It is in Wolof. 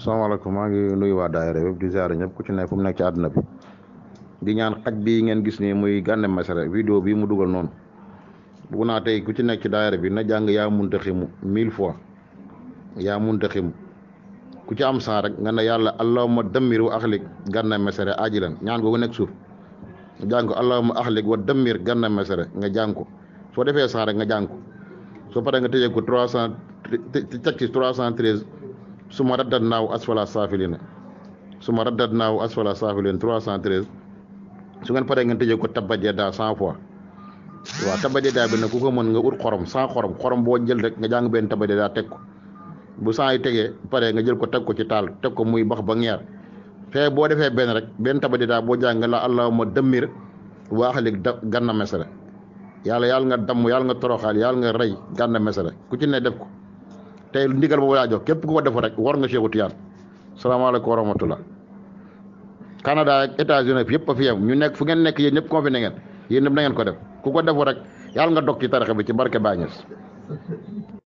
salaamaaleykum maa ngi nuyu waa daayira ci ne fu mu nekk ci bi di ñaan xaj bi ngeen gis nii muy Gana Messere vidéo bi mu dugal noonu bu naa tey ku ci nekk ci bi na jàng yaa muntaximu mille fois yaa muntaximu ku ci am saa rek nga na yàlla allahumma dammir wa axlik Gana Messere ajilan ñaan googu nekk suuf nga jàng ko allahumma axlik wa dammir Gana Messere nga jàng ko soo defee saa rek nga jàng ko soo paree nga tëjee ko trois cent teg ci trois cent treize suma raddat naaw asfala saafilina suma raddat naaw asfala saafilina 313 su ngeen paree ngeen tëjee ko tabbat yadaa 100 fois waaw tabbat yadaa bi nag ku ko mën nga ut xorom sans xorom xorom boo jël rek nga jàng benn tabbat yadaa teg ko bu saa yi tegee pare nga jël ko teg ko ci taal teg ko muy bax ba ngeer fee boo defee benn rek benn tabbat yadaa boo jàng la allahumma dammir waaxalik da Ganna Messere yàlla yàlla nga damm yàlla nga toroxaal yàlla nga rey Ganna Messere ku ci ne def ko. tey ndigal boobu laa jox képp ku ko defu rek war nga Seexu Tijaan salaamaaleykum wa rahmatullah Canada ak États-Unis yëpp a fi ñu nekk fu ngeen nekk yéen ñëpp confiné ngeen yéen ñëpp na ngeen ko def ku ko defu rek yàlla nga dog ci tarixa bi ci barke Baay Ñas